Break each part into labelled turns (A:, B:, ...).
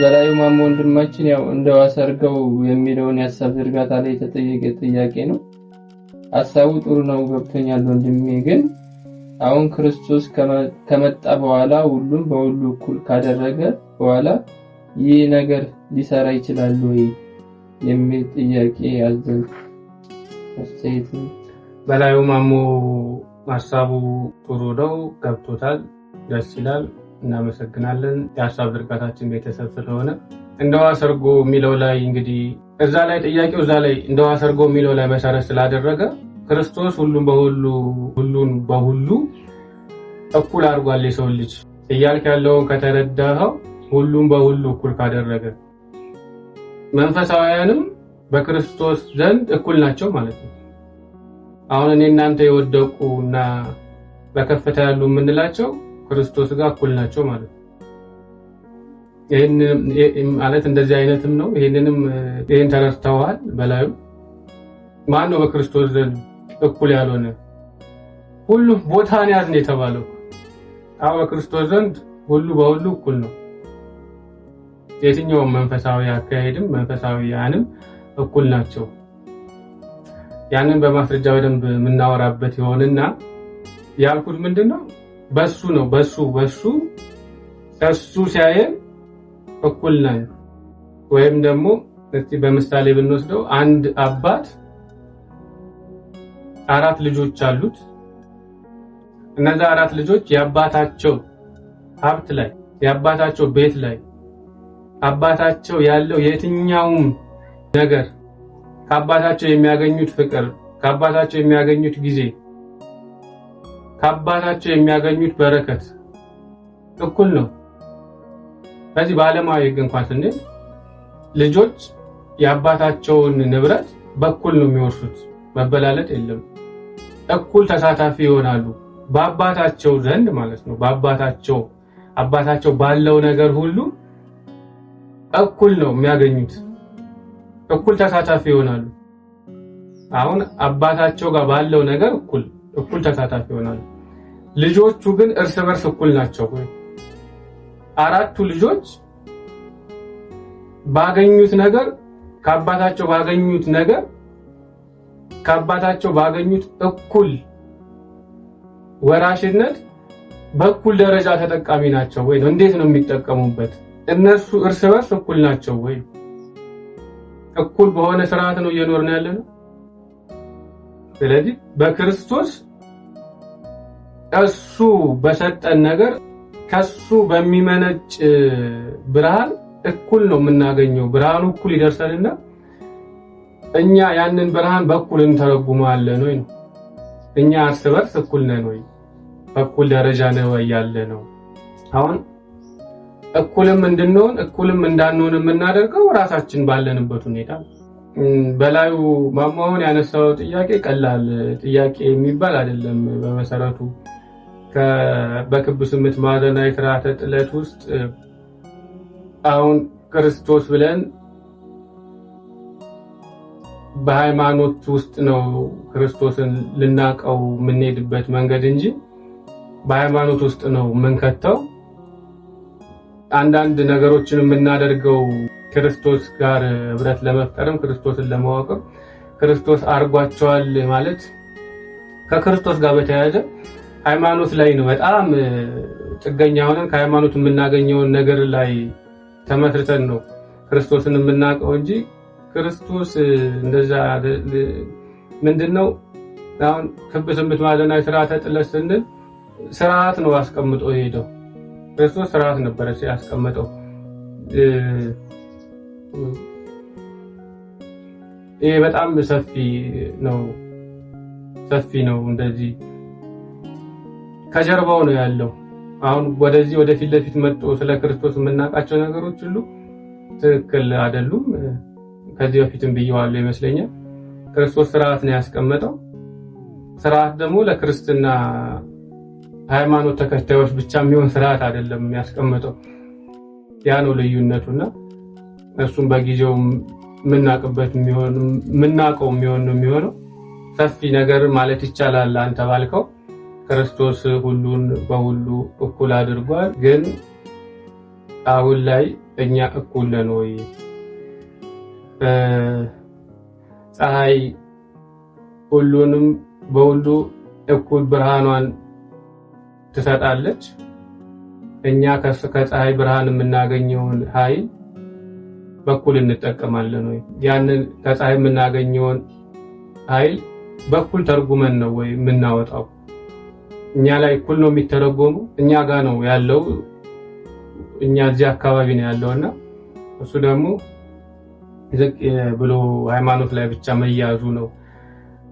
A: በላዩ ማሞ ወንድማችን ያው እንደው አሰርገው የሚለውን የሀሳብ ዝርጋታ ላይ የተጠየቀ ጥያቄ ነው። ሀሳቡ ጥሩ ነው፣ ገብቶኛል ወንድሜ። ግን አሁን ክርስቶስ ከመጣ በኋላ ሁሉም በሁሉ እኩል ካደረገ በኋላ ይህ ነገር ሊሰራ ይችላል ወይ የሚል ጥያቄ ያዘን
B: አስተያየት። በላዩ ማሞ ሀሳቡ ጥሩ ነው፣ ገብቶታል፣ ደስ ይላል። እናመሰግናለን። የሀሳብ ዝርጋታችን ቤተሰብ ስለሆነ እንደዋ ሰርጎ የሚለው ላይ እንግዲህ እዛ ላይ ጥያቄው እዛ ላይ እንደዋ ሰርጎ የሚለው ላይ መሰረት ስላደረገ ክርስቶስ ሁሉን በሁሉ ሁሉን በሁሉ እኩል አድርጓል የሰው ልጅ እያልክ ያለውን ከተረዳኸው ሁሉም በሁሉ እኩል ካደረገ መንፈሳውያንም በክርስቶስ ዘንድ እኩል ናቸው ማለት ነው። አሁን እኔ እናንተ የወደቁ እና በከፍታ ያሉ የምንላቸው ክርስቶስ ጋር እኩል ናቸው ማለት ነው። ይህን ማለት እንደዚህ አይነትም ነው። ይህንንም ይህን ተረድተዋል። በላዩ ማን ነው በክርስቶስ ዘንድ እኩል ያልሆነ? ሁሉም ቦታን ያዝን የተባለው አሁ በክርስቶስ ዘንድ ሁሉ በሁሉ እኩል ነው። የትኛውም መንፈሳዊ አካሄድም መንፈሳዊ ያንም እኩል ናቸው። ያንን በማስረጃ በደንብ የምናወራበት ይሆንና ያልኩት ምንድን ነው በሱ ነው በሱ በሱ ከሱ ሲያየን እኩል ነን። ወይም ደግሞ እስቲ በምሳሌ ብንወስደው አንድ አባት አራት ልጆች አሉት። እነዛ አራት ልጆች የአባታቸው ሀብት ላይ የአባታቸው ቤት ላይ አባታቸው ያለው የትኛውም ነገር ከአባታቸው የሚያገኙት ፍቅር ከአባታቸው የሚያገኙት ጊዜ ከአባታቸው የሚያገኙት በረከት እኩል ነው። በዚህ በዓለማዊ ሕግ እንኳን ስንል ልጆች የአባታቸውን ንብረት በኩል ነው የሚወርሱት። መበላለጥ የለም። እኩል ተሳታፊ ይሆናሉ በአባታቸው ዘንድ ማለት ነው። በአባታቸው አባታቸው ባለው ነገር ሁሉ እኩል ነው የሚያገኙት። እኩል ተሳታፊ ይሆናሉ። አሁን አባታቸው ጋር ባለው ነገር እኩል እኩል ተሳታፊ ይሆናሉ። ልጆቹ ግን እርስ በርስ እኩል ናቸው። አራቱ ልጆች ባገኙት ነገር ከአባታቸው ባገኙት ነገር ከአባታቸው ባገኙት እኩል ወራሽነት በእኩል ደረጃ ተጠቃሚ ናቸው ወይ እንዴት ነው የሚጠቀሙበት? እነሱ እርስ በርስ እኩል ናቸው ወይ? እኩል በሆነ ስርዓት ነው እየኖርን ያለ ነው። ስለዚህ በክርስቶስ እሱ በሰጠን ነገር ከሱ በሚመነጭ ብርሃን እኩል ነው የምናገኘው። ብርሃኑ እኩል ይደርሰንና እኛ ያንን ብርሃን በኩል እንተረጉመዋለን ወይ ነው። እኛ እርስ በርስ እኩል ነን ወይ? በኩል ደረጃ ነው ወይ ያለ ነው። አሁን እኩልም እንድንሆን እኩልም እንዳንሆን የምናደርገው ራሳችን ባለንበት ሁኔታ በላዩ ማማሆን ያነሳው ጥያቄ ቀላል ጥያቄ የሚባል አይደለም በመሰረቱ በክብ ስምት ማዕዘናዊ ስርዓተ ጥለት ውስጥ አሁን ክርስቶስ ብለን በሃይማኖት ውስጥ ነው ክርስቶስን ልናቀው የምንሄድበት መንገድ እንጂ በሃይማኖት ውስጥ ነው የምንከተው። አንዳንድ ነገሮችን የምናደርገው ክርስቶስ ጋር ህብረት ለመፍጠርም ክርስቶስን ለማወቅም ክርስቶስ አድርጓቸዋል ማለት ከክርስቶስ ጋር በተያያዘ ሃይማኖት ላይ ነው በጣም ጥገኛ ሆነን ከሃይማኖት የምናገኘውን ነገር ላይ ተመስርተን ነው ክርስቶስን የምናውቀው እንጂ ክርስቶስ እንደዛ ምንድን ነው አሁን ክብ ስንብት ማዕዘናዊ ስርዓተ ጥለት ስንል ስርዓት ነው አስቀምጦ የሄደው ክርስቶስ ስርዓት ነበረ ያስቀመጠው። ይህ በጣም ሰፊ ነው ሰፊ ነው እንደዚህ ከጀርባው ነው ያለው። አሁን ወደዚህ ወደፊት ለፊት መጥቶ ስለ ክርስቶስ የምናውቃቸው ነገሮች ሁሉ ትክክል አይደሉም። ከዚህ በፊትም ብየዋለሁ ይመስለኛል። ክርስቶስ ስርዓት ነው ያስቀመጠው። ስርዓት ደግሞ ለክርስትና ሃይማኖት ተከታዮች ብቻ የሚሆን ስርዓት አይደለም ያስቀመጠው። ያ ነው እና እሱም በጊዜው የምናውቅበት የምናውቀው የሚሆን ነው የሚሆነው። ሰፊ ነገር ማለት ይቻላል አንተ ባልከው ክርስቶስ ሁሉን በሁሉ እኩል አድርጓል። ግን አሁን ላይ እኛ እኩል ነን ወይ? ፀሐይ ሁሉንም በሁሉ እኩል ብርሃኗን ትሰጣለች። እኛ ከፀሐይ ብርሃን የምናገኘውን ኃይል በኩል እንጠቀማለን ወይ? ያንን ከፀሐይ የምናገኘውን ኃይል በኩል ተርጉመን ነው ወይ የምናወጣው? እኛ ላይ እኩል ነው የሚተረጎሙ እኛ ጋር ነው ያለው። እኛ እዚህ አካባቢ ነው ያለው እና እሱ ደግሞ ዝቅ ብሎ ሃይማኖት ላይ ብቻ መያዙ ነው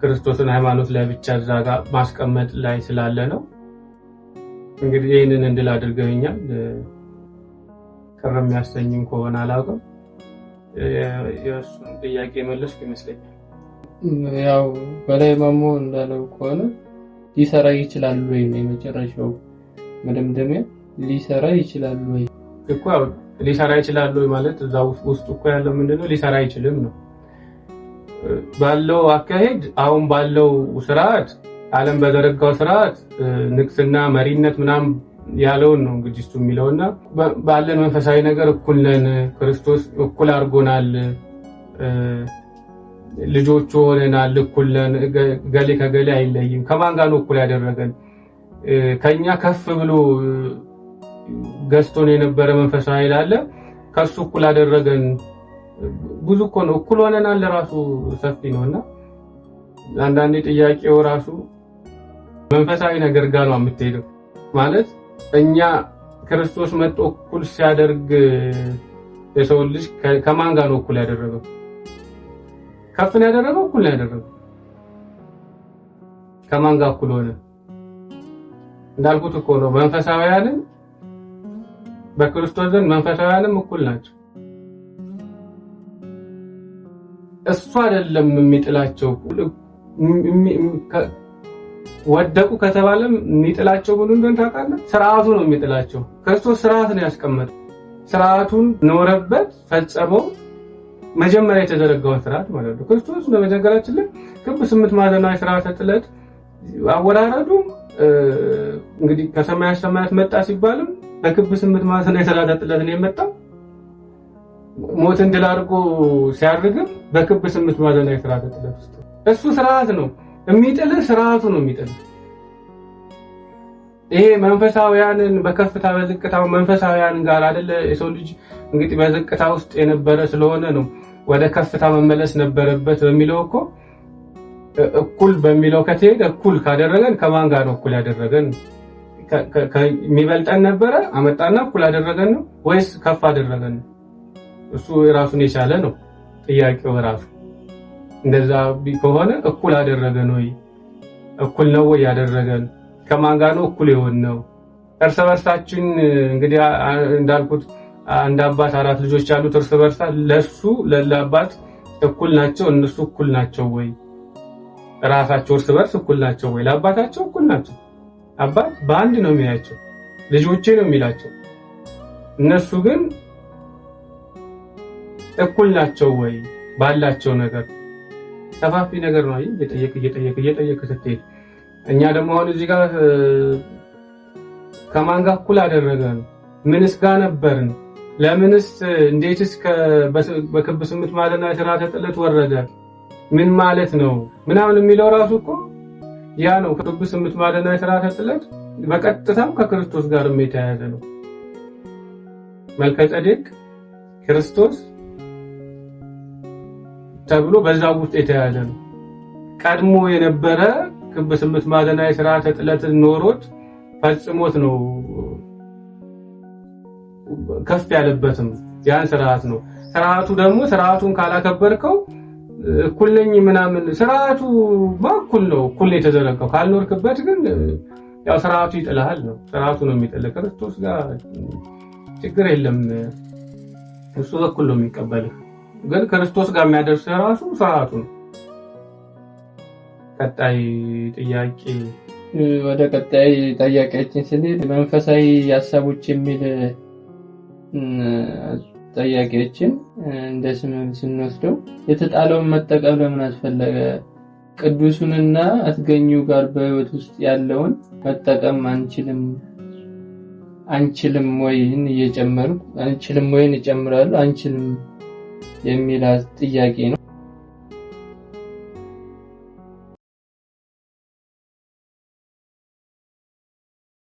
B: ክርስቶስን ሃይማኖት ላይ ብቻ እዛ ጋ ማስቀመጥ ላይ ስላለ ነው። እንግዲህ ይህንን እንድል አድርገኛል። ቅር የሚያሰኝም ከሆነ አላውቅም። የእሱን ጥያቄ መለስኩ ይመስለኛል።
A: ያው በላይ መሞ እንዳለው ከሆነ ሊሰራ ይችላል ወይ ነው የመጨረሻው መደምደሚያ። ሊሰራ ይችላል ወይ
B: እኮ ሊሰራ ይችላል ወይ ማለት እዛ ውስጡ እኮ ያለው ምንድነው ሊሰራ አይችልም ነው ባለው አካሄድ አሁን ባለው ስርዓት ዓለም በዘረጋው ስርዓት ንግስና፣ መሪነት ምናምን ያለውን ነው እንግዲህ እሱ የሚለውና ባለን መንፈሳዊ ነገር እኩል ነን፣ ክርስቶስ እኩል አድርጎናል ልጆቹ ሆነናል፣ እኩለን ገሌ ከገሌ አይለይም። ከማን ጋር ነው እኩል ያደረገን? ከኛ ከፍ ብሎ ገዝቶን የነበረ መንፈሳዊ ኃይል አለ። ከሱ እኩል አደረገን። ብዙ እኮ ነው፣ እኩል ሆነናል። ለራሱ ሰፊ ነው እና አንዳንዴ ጥያቄው ራሱ መንፈሳዊ ነገር ጋር ነው የምትሄደው። ማለት እኛ ክርስቶስ መጥቶ እኩል ሲያደርግ የሰው ልጅ ከማን ጋር ነው እኩል ያደረገው? ከፍ ነው ያደረገው? እኩል ነው ያደረገው? ከማን ጋር እኩል ሆነ? እንዳልኩት እኮ ነው መንፈሳውያንም በክርስቶስ ዘንድ መንፈሳውያንም እኩል ናቸው። እሱ አይደለም የሚጥላቸው። ወደቁ ከተባለም የሚጥላቸው ምን እንደሆነ ታውቃለህ? ስርዓቱ ነው የሚጥላቸው። ክርስቶስ ስርዓት ነው ያስቀመጠው። ስርዓቱን ኖረበት፣ ፈጸመው። መጀመሪያ የተዘረጋው ስርዓት ማለት ነው። ክርስቶስ በመጀመሪያችን ላይ ክብ ስምንት ማዕዘናዊ ስርዓተ ጥለት አወራረዱ እንግዲህ ከሰማያት ሰማያት መጣ ሲባልም በክብ ስምንት ማዕዘናዊ ስርዓተ ጥለት ነው የመጣው። ሞትን ድል አድርጎ ሲያርግም በክብ ስምንት ማዕዘናዊ ስርዓተ ጥለት ውስጥ እሱ ስርዓት ነው የሚጥልህ፣ ስርዓቱ ነው የሚጥልህ። ይሄ መንፈሳውያንን በከፍታ በዝቅታው መንፈሳውያን ጋር አደለ የሰው ልጅ እንግዲህ በዝቅታ ውስጥ የነበረ ስለሆነ ነው ወደ ከፍታ መመለስ ነበረበት በሚለው እኮ እኩል በሚለው ከትሄደ እኩል ካደረገን ከማን ጋር ነው እኩል ያደረገን? የሚበልጠን ነበረ አመጣና እኩል አደረገን ነው ወይስ ከፍ አደረገን? እሱ ራሱን የቻለ ነው ጥያቄው ራሱ። እንደዛ ከሆነ እኩል አደረገን ወይ እኩል ነው ወይ ያደረገን ከማን ጋር ነው እኩል የሆን ነው? እርስ በርሳችን እንግዲህ እንዳልኩት አንድ አባት አራት ልጆች ያሉት እርስ በርሳ ለሱ ለአባት እኩል ናቸው እነሱ እኩል ናቸው ወይ? ራሳቸው እርስ በርስ እኩል ናቸው ወይ? ለአባታቸው እኩል ናቸው። አባት በአንድ ነው የሚያቸው፣ ልጆቼ ነው የሚላቸው። እነሱ ግን እኩል ናቸው ወይ ባላቸው ነገር? ሰፋፊ ነገር ነው እየጠየቅ እየጠየቅ እየጠየቅ ስትሄድ እኛ ደግሞ አሁን እዚህ ጋር ከማን ጋር እኩል አደረገን? ምንስ ጋር ነበርን? ለምንስ እንዴትስ በክብ ስምት ማለና የተራተ ጥለት ወረደ? ምን ማለት ነው ምናምን የሚለው ራሱ እኮ ያ ነው። ክብ ስምት ማለና የተራተ ጥለት በቀጥታም ከክርስቶስ ጋር የተያያዘ ነው። መልከጼዴቅ ክርስቶስ ተብሎ በዛ ውስጥ የተያያዘ ነው። ቀድሞ የነበረ ክብ ስምንት ማዕዘናዊ ስርዓተ ጥለት ኖሮት ፈጽሞት ነው ከፍ ያለበትም ያን ስርዓት ነው። ስርዓቱ ደግሞ ስርዓቱን ካላከበርከው እኩልኝ ምናምን ስርዓቱ በእኩል ነው እኩል የተዘረጋው። ካልኖርክበት ግን ያው ስርዓቱ ይጥልሃል ነው ስርዓቱ ነው የሚጥል ክርስቶስ ጋር ችግር የለም እሱ በኩል ነው የሚቀበልህ። ግን ክርስቶስ ጋር የሚያደርስ ራሱ ስርዓቱ ነው። ቀጣይ ጥያቄ
A: ወደ ቀጣይ ጥያቄያችን ስንሄድ መንፈሳዊ ሀሳቦች የሚል ጥያቄያችን እንደ ስም ስንወስደው የተጣለውን መጠቀም ለምን አስፈለገ? ቅዱሱንና አትገኙ ጋር በህይወት ውስጥ ያለውን መጠቀም አንችልም አንችልም ወይን እየጨመርኩ አንችልም ወይን ይጨምራሉ አንችልም የሚል ጥያቄ ነው።